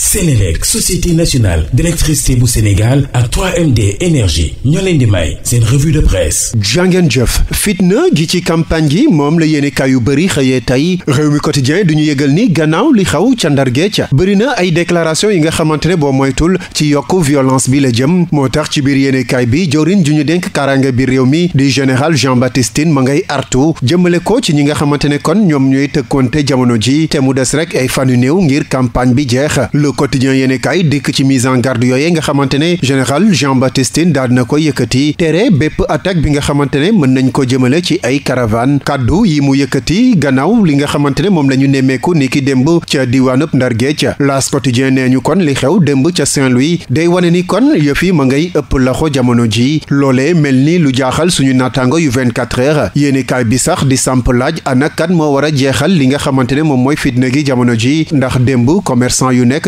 Sénélec société nationale d'électricité bu Sénégal ak 3MD énergie ñoo leen di may seen revue de presse jàngeen jëf fitna ji ci campagne gi moom la yéene yu bëri xëyee tey réew mi quotidien du ñu yëgal ni gannaaw li xaw ca ndargee ca bëri na ay déclaration yi nga xamante ne boo moytul ci yokk violence bi la jëm moo tax ci biir yenekaay bi jawrin ju ñu dénk kaaraange bi réew mi di général Jean Baptiste ma ngay artu jëmale ko ci ñi nga xamante ne kon ñoom ñooy tëkkoonte jamono ji te mu des rek ay fanu néew ngir campagne bi jeex le quotidien yéene kaay dikk ci mise en garde yooye nga xamante ne général Jean Baptiste Tine na ko yëkkati tere bépp attaque bi nga xamante ne mën nañ ko jëmale ci ay caravane kàddu yi mu yëkkati gannaaw li nga xamante ne moom la ñu nemmeeku ni ki démb ca diwaanub Ndar Géej L'As quotidien nee ñu kon li xew démb ca Saint-Louis day wane ni kon yëf ma ngay ëpp loxo jamono ji loolee mel ni lu jaaxal suñu naataango yu 24 heures yéene kaay bi sax di samp laaj a kan moo war a li nga xamante moom mooy fitna gi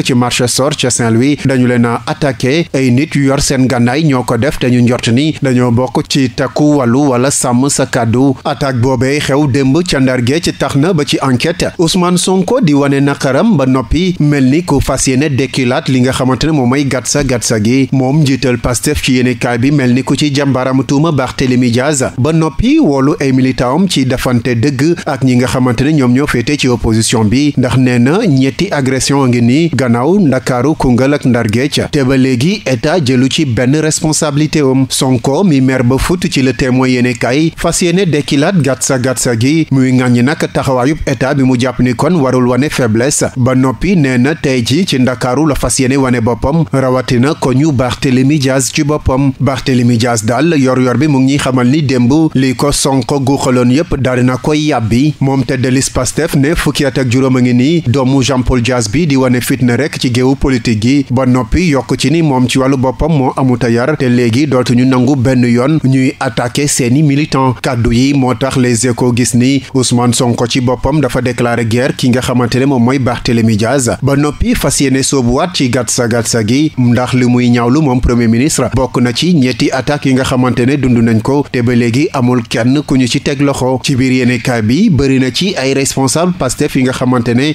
ji ci marché sor ca Saint-Louis dañu leen a ay nit yu yor seen gannaay ñoo ko def te ñu njort ni dañoo bokk ci takku wàllu wala sàmm sa kàddu attaque boobee xew démb ca Ndar gee ci tax na ba ci enquête Ousmane Sonko di wane naqaram ba noppi mel ni ku fas yéene dekkilaat li nga xamante ne moom mooy gatsa gatsa gi moom njiital Pastef ci yéenekaay bi mel ni ku ci jàmbaaraam tuuma Barthélémy Diaz ba noppi woolu ay militantam ci defante dëgg ak ñi nga xamante ne ñoom ñoo bi gannaaw ndakaaru Koungheul ak Ndar Géej te ba léegi état jëlu ci benn responsabilité am Sonko mi mer ba fut ci la témoin yéene kay fas yéene dekkilaat gatsa gatsa gi muy ŋàññi nag taxawaayub état bi mu jàpp ni kon warul wane faiblesse ba noppi nee na tey ji ci ndakaaru la fas yéene wane boppam rawatina ko ñu Barthélemy Diaz ci boppam Barthélemy Diaz daal yor-yor bi mu ngi xamal ni démb li ko Sonko guuxaloon yépp daal na koy yàbbi moom te delis Pastef ne fukki at a ngi nii doomu Jean bi di wane fitna rek ci géewu politique gi ba noppi yokk ci ni moom ci wàllu boppam moo amuta yar te léegi dootuñu nangu benn yoon ñuy attaqué seeni militant kàddu yi moo tax les échos gis ni Ousmane Sonko ci boppam dafa déclaré guerre ki nga xamante ne moom mooy Barthélémy Diaz ba noppi fas yéene soobuwaat ci gatsa gatsa gi ndax li muy ñaawlu moom premier ministre bokk na ci ñetti attaques yi nga xamante ne dund nañ ko te ba léegi amul kenn ku ñu ci teg loxo ci biir yéenekaay bi bëri na ci ay responsable Pastef yi nga xamante ne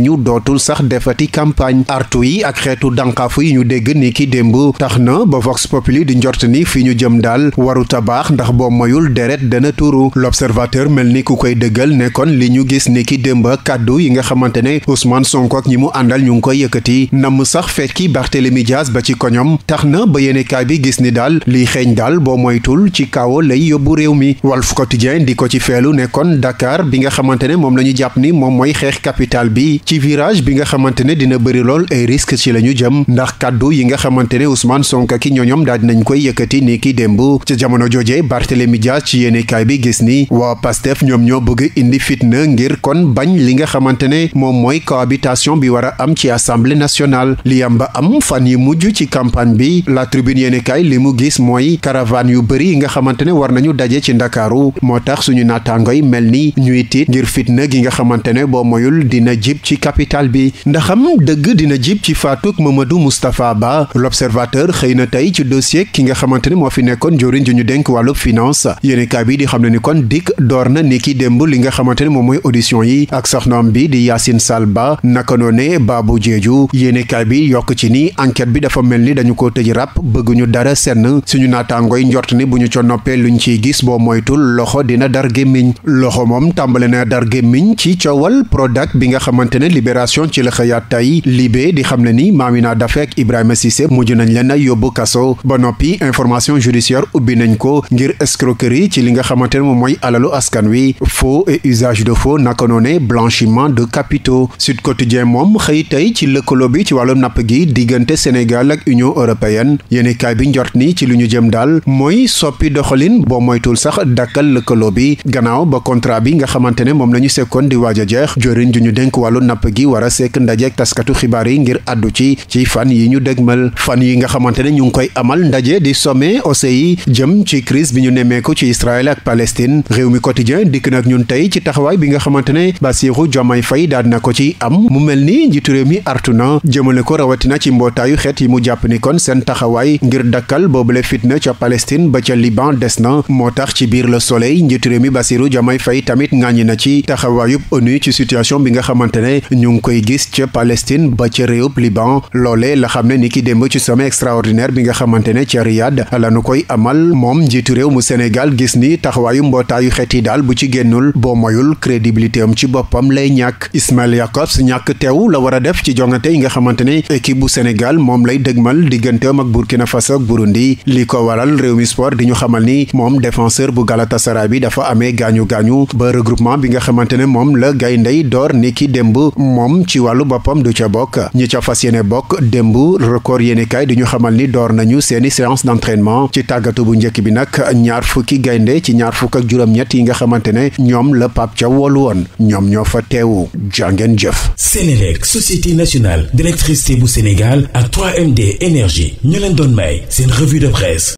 nee ñu dootul sax defati campagne artu yi ak xeetu dànqaafu yi ñu dégg ni ki démb tax na ba vox populi di njort ni fi ñu jëm daal waru tabaax ndax boo moyul deret dana turu l'observateur mel ni ku koy dëggal ne kon li ñu gis ni ki démb kàddu yi nga xamante ne Ousmane Sonko ak ñi mu àndal ñu ngi koy yëkkati namm sax fekki Barthélemy Dias ba ci koñom tax na ba yéenekaay bi gis ni daal liy xeeñ daal boo moytul ci kaawo lay yóbbu réew mi Walf Quotidien di ko ci feelu ne kon bi nga xamante ne moom la ñu jàpp ni moom mooy xeex capital bi ci virage bi nga xamante ne dina bëri lool ay risque ci la ñu jëm ndax kàddu yi nga xamante ne Ousmane Sonko ki ñoñom daal dinañ koy yëkkati ni ki démb ca jamono jooje Barthélémy Dias ci yéenekaay bi gis ni waa Pastef ñoom ñoo bëgg indi fitna ngir kon bañ li nga xamante ne moom mooy cohabitation bi war a am ci assemblée nationale li am ba am fan yi mujj ci campagne bi la tribune yéenekaay li mu gis mooy caravane yu bëri yi nga xamante ne war nañu daje ci ndakaaru moo tax suñu naataangoy mel ni ñuy nga xamante ne ci capital bi ndaxam dëgg dina jib ci faatuk Mamadou Moustapha Ba l'observateur xëy na tey ci dossier ki nga xamante ne moo fi nekkoon joriñ ji ñu dénk wàllub finance yéenekaay bi di xam ne ni kon dikk door na ni ki démb li nga xamante ne moom mooy audition yi ak soxnaam bi di Yacine Sall Ba naka noone Babou Diédhiou yéenekaay bi yokk ci ni enquête bi dafa mel ni dañu ko tëj ràpp bëgguñu dara senn suñu naataangooy njort ni bu ñu co noppee luñ ciy gis boo moytul loxo dina dar gémmiñ loxo moom tàmbale na dar gémmiñ ci journée libération ci la xëyaat tay Libé di xam ne ni Mamina Daffé ak Ibrahima Cissé mujj nañ leen a yóbbu kaso ba noppi information judiciaire ubbi nañ ko ngir escroquerie ci li nga xamante ne moom mooy alalu askan wi faux et usage de faux naka noone blanchiment de capitaux Sud Quotidien moom xëy tey ci lëkkaloo bi ci wàllum napp gi diggante Sénégal ak Union européenne yéeni kaay bi njort ni ci lu ñu jëm daal mooy soppi doxalin boo moytul sax dakkal lëkkaloo bi a napp gi war a sekk ndajeek taskatu xibaar yi ngir àddu ci ci fan yi ñu dégmal fan yi nga xamante ne ñu ngi koy amal ndaje di some sommet OCI jëm ci crise bi ñu nemmeeku ci Israël ak Palestine réew mi quotidien dikk nag ñun tey ci taxawaay bi nga xamante ne Bassirou Diomaye Faye daal ko ci am mu mel ni njiitu réew mi artu na jëmale ko rawatina ci mbootaayu xeet yi mu jàpp ni kon seen taxawaay ngir dakkal boobule fitna ca Palestine ba ca Liban des na moo tax ci biir Le Soleil njiitu réew mi Bassirou Diomaye Faye tamit ŋàññi na ci taxawaayub ONU ci situation bi nga xamante ne ñu ngi koy gis ca Palestine ba ca réewub Liban loole la xam ne ni ki démb ci sommet extraordinaire bi nga xamante ne ca Riyad la nu koy amal moom njiitu réew mu Sénégal gis ni taxawaayu mbootaayu xeet yi daal bu ci génnul boo moyul crédibilité am ci boppam lay ñàkk Ismaël Jacobs ñàkk teew la war a def ci jongante yi nga xamante ne équipe bu Sénégal moom lay dëgmal digganteem ak Burkina Faso ak Burundi li ko waral réew mi sport di ñu xamal ni moom défenseur bu Galatasaray bi dafa amee gaañu gaañu ba bi nga xamante ne moom la gayndey door ni ki moom ci wàllu boppam du ca bokk ñu ca fas yéene bokk démb record yéenekaay di ñu xamal ni door nañu seeni séance d'entraînement ci tàggatu bu njëkk bi nag ñaar fukki gaynde ci ñaar fukk ak juróom-ñett yi nga xamante ne ñoom la Pape Thiaw woolu woon ñoom ñoo fa teewu jàngeen jëf Sénélec société nationale d'électricité bu Sénégal ak md énergie ñu leen doon may seen revue de presse